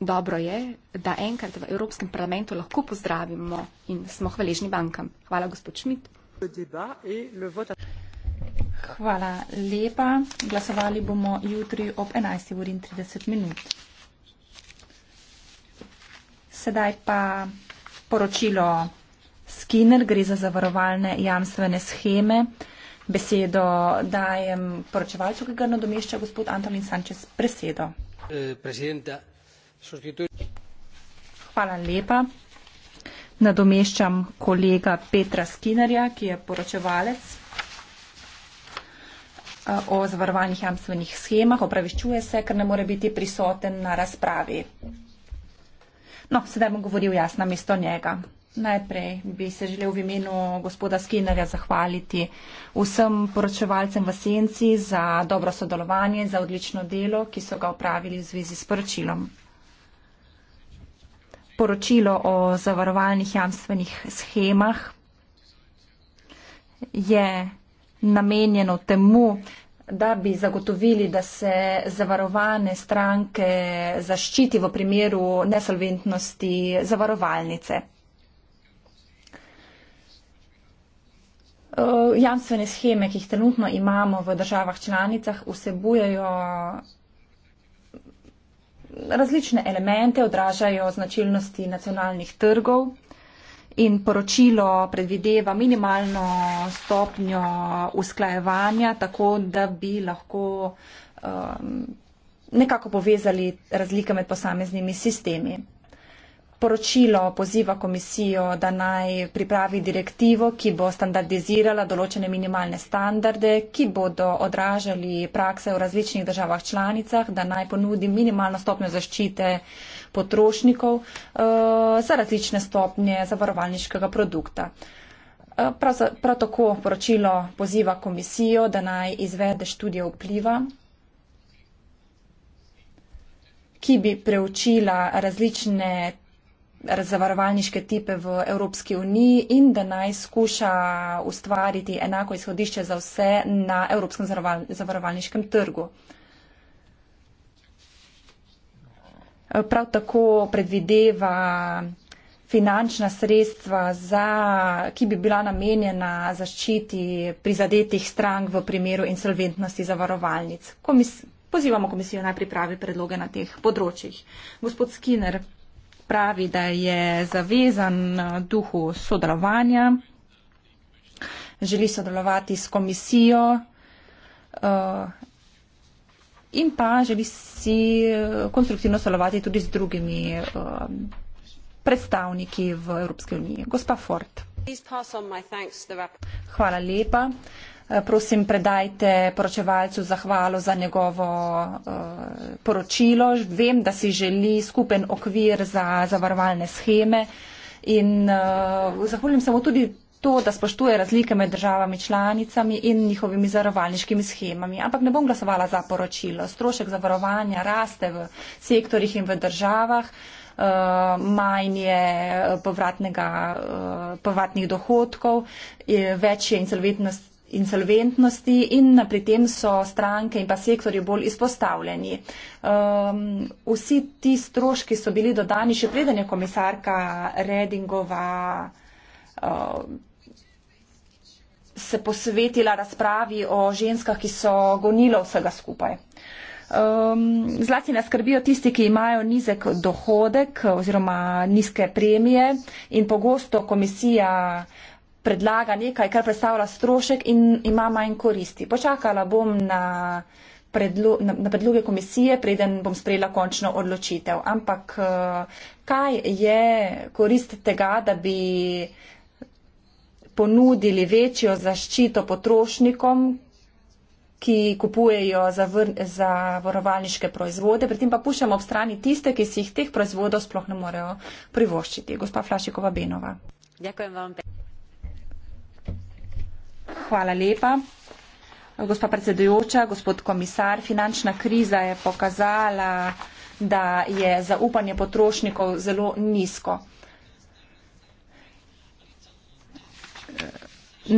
dobro je, da enkrat v Evropskem parlamentu lahko pozdravimo in smo hvaležni bankam. Hvala, gospod Šmit. Hvala lepa. Glasovali bomo jutri ob 11.30 minut. Sedaj pa poročilo Skinner, gre za zavarovalne jamstvene scheme. Besedo dajem poročevalcu, ki ga nadomešča gospod Antonin Sanchez. Presedo. Eh, Hvala lepa. Nadomeščam kolega Petra Skinarja, ki je poročevalec eh, o zavarovanih jamstvenih schemah. Opravičuje se, ker ne more biti prisoten na razpravi. No, sedaj bom govoril jaz na mesto njega. Najprej bi se želel v imenu gospoda Skinnerja zahvaliti vsem poročevalcem v Senci za dobro sodelovanje, za odlično delo, ki so ga upravili v zvezi s poročilom poročilo o zavarovalnih jamstvenih schemah je namenjeno temu, da bi zagotovili, da se zavarovane stranke zaščiti v primeru nesolventnosti zavarovalnice. Jamstvene scheme, ki jih trenutno imamo v državah članicah, vsebujejo različne elemente odražajo značilnosti nacionalnih trgov in poročilo predvideva minimalno stopnjo usklajevanja, tako da bi lahko um, nekako povezali razlike med posameznimi sistemi poročilo poziva komisijo, da naj pripravi direktivo, ki bo standardizirala določene minimalne standarde, ki bodo odražali prakse v različnih državah članicah, da naj ponudi minimalno stopnjo zaščite potrošnikov uh, za različne stopnje zavarovalniškega produkta. Eh, prav, prav tako poročilo poziva komisijo, da naj izvede študijo vpliva, ki bi preučila različne zavarovalniške tipe v Evropski uniji in da naj skuša ustvariti enako izhodišče za vse na Evropskem zavarovalniškem trgu. Prav tako predvideva finančna sredstva, za, ki bi bila namenjena zaščiti prizadetih strank v primeru insolventnosti zavarovalnic. Komis pozivamo komisijo naj pripravi predloge na teh področjih. Gospod Skinner, pravi, da je zavezan eh, duhu sodelovanja, želi sodelovati s komisijo uh, in pa želi si eh, konstruktivno sodelovati tudi z drugimi uh, predstavniki v Evropske unije. Gospa Ford. Hvala lepa. Uh, Eh, prosim, predajte poročevalcu zahvalo za njegovo eh, poročilo. Vem, da si želi skupen okvir za zavarovalne scheme in eh, zahvaljujem se mu tudi to, da spoštuje razlike med državami članicami in njihovimi zavarovalniškimi schemami. Ampak ne bom glasovala za poročilo. Strošek zavarovanja raste v sektorjih in v državah. Uh, manj je povratnih uh, dohodkov, je, več je insolventnost insolventnosti in pri tem so stranke in pa sektorji bolj izpostavljeni. Um, vsi ti stroški so bili dodani še preden je komisarka Redingova uh, se posvetila razpravi o ženskah, ki so gonilo vsega skupaj. Um, zlati nas skrbijo tisti, ki imajo nizek dohodek oziroma nizke premije in pogosto komisija uh, predlaga nekaj, kar predstavlja strošek in ima manj koristi. Počakala bom na, predlo, na, na predloge komisije, preden bom sprejela končno odločitev. Ampak eh, kaj je korist tega, da bi ponudili večjo zaščito potrošnikom, ki kupujejo za varovalniške proizvode, pri tem pa puščamo ob strani tiste, ki si jih teh proizvodov sploh ne morejo privoščiti. Gospa Flašikova Benova. Ďakujem vám pekne. Hvala lepa. Gospa predsedujoča, gospod komisar, finančna kriza je pokazala, da je zaupanje potrošnikov zelo nizko.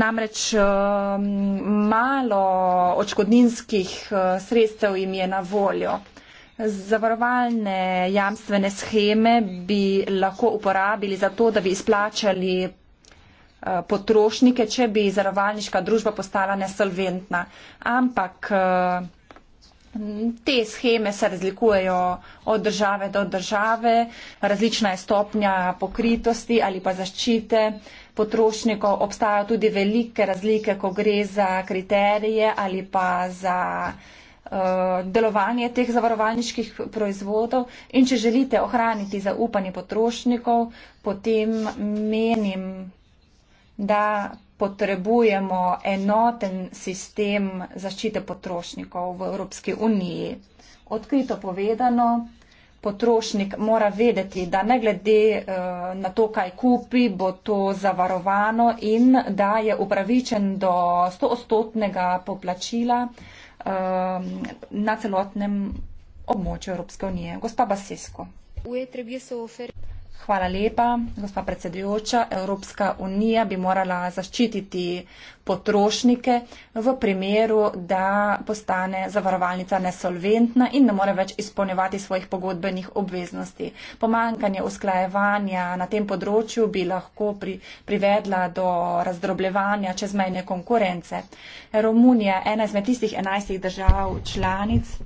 Namreč um, malo očkodninskih uh, sredstev jim je na voljo. Zavarovalne jamstvene scheme bi lahko uporabili za to, da bi izplačali Eh, potrošnike, če bi zarovalniška družba postala nesolventna. Ampak eh, te scheme se razlikujejo od države do države, različna je stopnja pokritosti ali pa zaščite potrošnikov, obstajajo tudi velike razlike, ko gre za kriterije ali pa za eh, delovanje teh zavarovalniških proizvodov in če želite ohraniti zaupanje potrošnikov, potem menim, da potrebujemo enoten sistem zaščite potrošnikov v Evropski uniji. Odkrito povedano, potrošnik mora vedeti, da ne glede eh, na to, kaj kupi, bo to zavarovano in da je upravičen do 100-stotnega poplačila eh, na celotnem območju Evropske unije. Gospa Basesko. Hvala lepa, gospa predsedujoča. Evropska unija bi morala zaščititi potrošnike v primeru, da postane zavarovalnica nesolventna in ne more več izpolnjevati svojih pogodbenih obveznosti. Pomankanje usklajevanja na tem področju bi lahko pri, privedla do razdrobljevanja čezmejne konkurence. Romunija je ena izmed tistih enajstih držav članic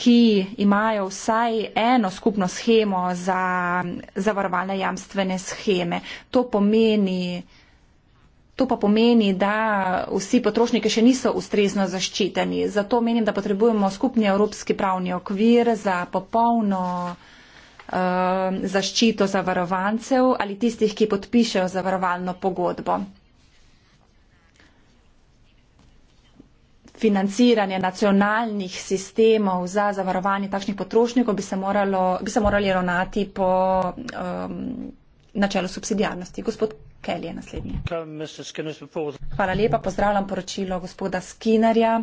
ki imajo vsaj eno skupno schemo za zavarovalne jamstvene scheme. To, pomeni, to pa pomeni, da vsi potrošniki še niso ustrezno zaščiteni. Zato menim, da potrebujemo skupni evropski pravni okvir za popolno uh, zaščito zavarovancev ali tistih, ki podpišejo zavarovalno pogodbo. financiranje nacionalnih sistemov za zavarovanje takšnih potrošnikov bi se, moralo, bi se morali ravnati po um, načelu subsidijarnosti. Gospod Kelly je naslednji. Hvala lepa, pozdravljam poročilo gospoda Skinnerja.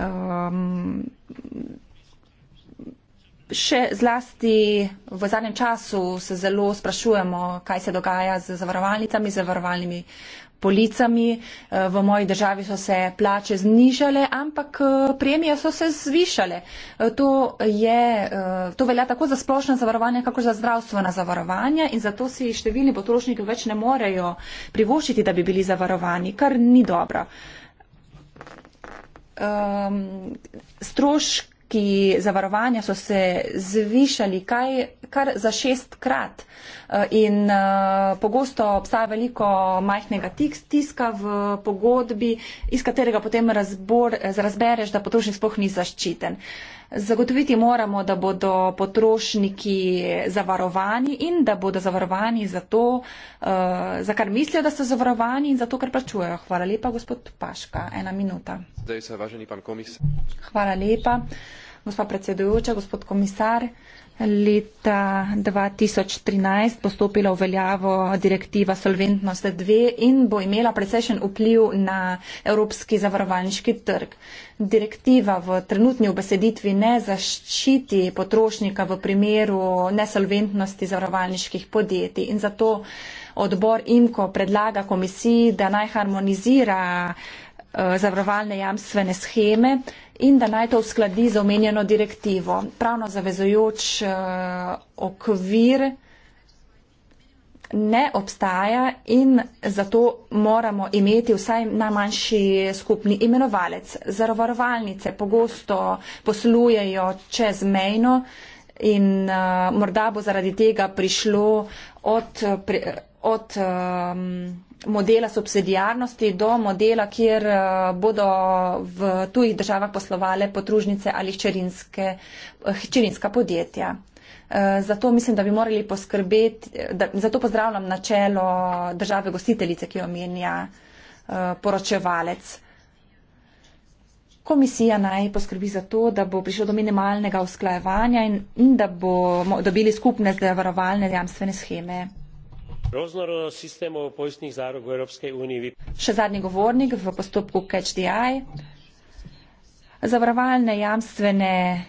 Um, Še zlasti v zadnjem času se zelo sprašujemo, kaj se dogaja z zavarovalnicami, z zavarovalnimi uh, policami. Eh, v moji državi so se plače znižale, ampak eh, premije so se zvišale. Eh, to, je, to velja tako za splošna zavarovanja, kako za zdravstvena zavarovanja in zato si številni potrošniki več ne morejo privoščiti, da bi bili zavarovani, kar ni dobro. Um, stroški zavarovanja so se zvišali kaj, kar za šestkrat. Uh, Eh, in eh, pogosto obstaja veliko majhnega tiska v pogodbi, iz katerega potem razbor, razbereš, da potrošnik sploh ni zaščiten. Zagotoviti moramo, da bodo potrošniki zavarovani in da bodo zavarovani za to, eh, za kar mislijo, da so zavarovani in za to, kar plačujejo. Hvala lepa, gospod Paška. Ena minuta. Hvala lepa, gospod predsedujoča, gospod komisar leta 2013 postopila v veljavo direktiva Solventnost 2 in bo imela precejšen vpliv na evropski zavarovalniški trg. Direktiva v trenutni obeseditvi ne zaščiti potrošnika v primeru nesolventnosti zavarovalniških podjetij in zato odbor IMKO predlaga komisiji, da naj harmonizira uh, Eh, zavarovalne jamstvene scheme in da naj to uskladi z omenjeno direktivo. Pravno zavezujoč eh, okvir ne obstaja in zato moramo imeti vsaj najmanjši skupni imenovalec. Zavarovalnice pogosto poslujejo čezmejno in uh, morda bo zaradi tega prišlo od, pri, od um, modela subsidijarnosti do modela, kjer eh, bodo v tujih državah poslovale potružnice ali eh, hčerinska podjetja. Eh, zato mislim, da bi morali poskrbeti, da, zato pozdravljam načelo države gostiteljice, ki omenja poročevalec. Komisija naj poskrbi za to, da bo prišlo do minimalnega usklajevanja in, in da bomo dobili skupne zavarovalne jamstvene scheme. Roznorodnosť systémov poistných zárok v Európskej únii. Še zadnji govornik v postopku Catch the Eye. Zavarovalne jamstvene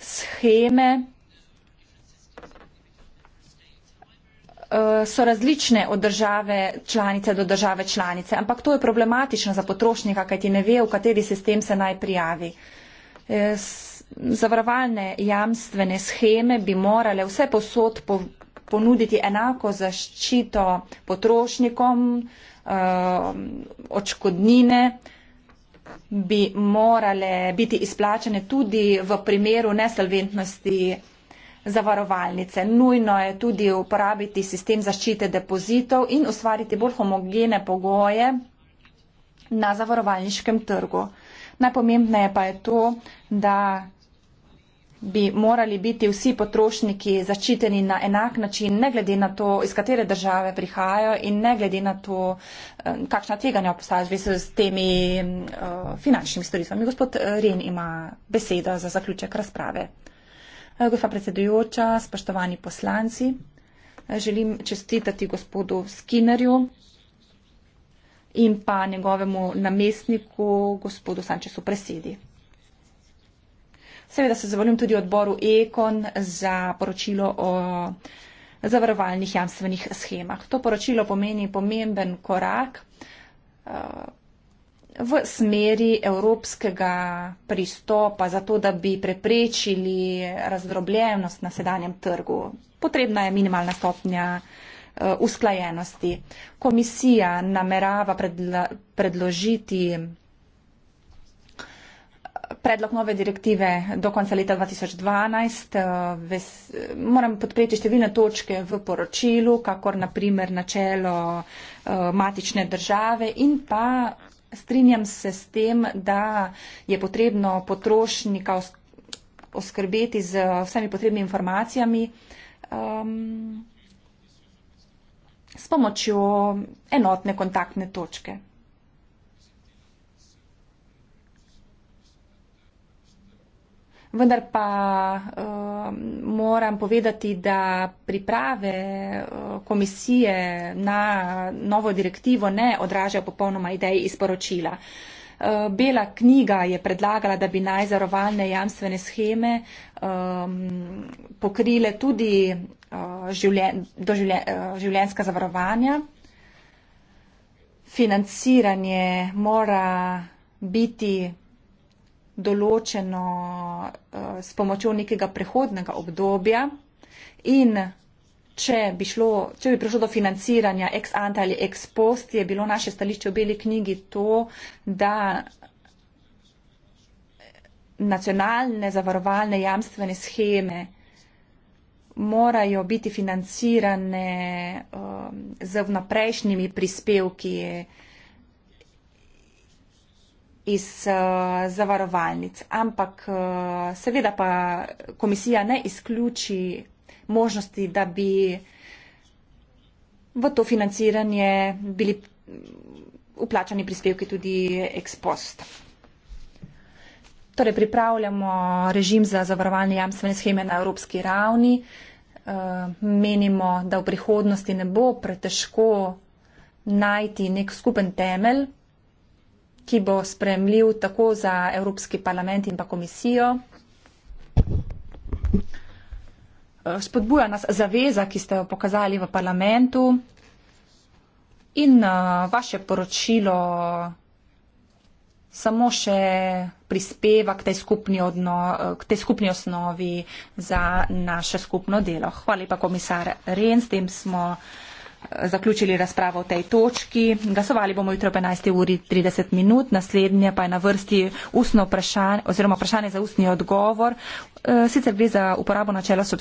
scheme eh, so različne od države članice do države članice, ampak to je problematično za potrošnika, kajti ne ve, v kateri sistem se naj prijavi. Eh, zavarovalne jamstvene scheme bi morale vse posod ponuditi enako zaščito potrošnikom, eh, očkodnine bi morale biti izplačane tudi v primeru nesolventnosti zavarovalnice. Nujno je tudi uporabiti sistem zaščite depozitov in ustvariti bolj homogene pogoje na zavarovalniškem trgu. Najpomembneje pa je to, da bi morali biti vsi potrošniki zaščiteni na enak način, ne glede na to, iz katere države prihajajo in ne glede na to, eh, kakšna tveganja obstajajo z temi eh, finančnimi storitvami. Gospod eh, Ren ima besedo za zaključek razprave. Gospa predsedujoča, spoštovani poslanci, želim čestitati gospodu Skinnerju in pa njegovemu namestniku, gospodu Sančesu Presedi. Seveda se zavoljim tudi odboru Ekon za poročilo o zavarovalnih jamstvenih schemah. To poročilo pomeni pomemben korak eh, v smeri evropskega pristopa za to, da bi preprečili razdrobljenost na sedanjem trgu. Potrebna je minimalna stopnja eh, usklajenosti. Komisija namerava predla, predložiti predlog nove direktive do konca leta 2012. Eh, ves, eh, moram podpreti številne točke v poročilu, kakor naprimer načelo eh, matične države in pa strinjam se s tem, da je potrebno potrošnika oskrbeti z vsemi potrebnimi informacijami. Um, s pomočjo enotne kontaktne točke. Vendar pa uh, moram povedati, da priprave uh, komisije na novo direktivo ne odražajo popolnoma idej iz poročila. Eh, bela knjiga je predlagala, da bi naj zarovalne jamstvene scheme um, pokrile tudi uh, življen, doživljen, uh, življenska zavarovanja. Financiranje mora biti določeno eh, s pomočjo nekega prehodnega obdobja in če bi, šlo, če bi prišlo do financiranja ex ante ali ex post, je bilo naše stališče v beli knjigi to, da nacionalne zavarovalne jamstvene scheme morajo biti financirane um, z vnaprejšnjimi prispevki uh, iz uh, zavarovalnic. Ampak uh, seveda pa komisija ne izključi možnosti, da bi v to financiranje bili uplačani prispevki tudi ex post. Torej, pripravljamo režim za zavarovalne jamstvene scheme na evropski ravni. E, menimo, da v prihodnosti ne bo pretežko najti nek skupen temelj, ki bo spremljiv tako za Evropski parlament in pa komisijo. Eh, spodbuja nas zaveza, ki ste jo pokazali v parlamentu in eh, vaše poročilo samo še prispeva k tej skupni, odno, eh, k tej skupni osnovi za naše skupno delo. Hvala lepa, komisar Ren, s tem smo zaključili razpravo v tej točki. Glasovali bomo jutro ob 11. uri 30 minut, naslednje pa je na vrsti ustno vprašanje oziroma vprašanje za ustni odgovor. E, sicer gre za uporabo načela subsidiarnosti.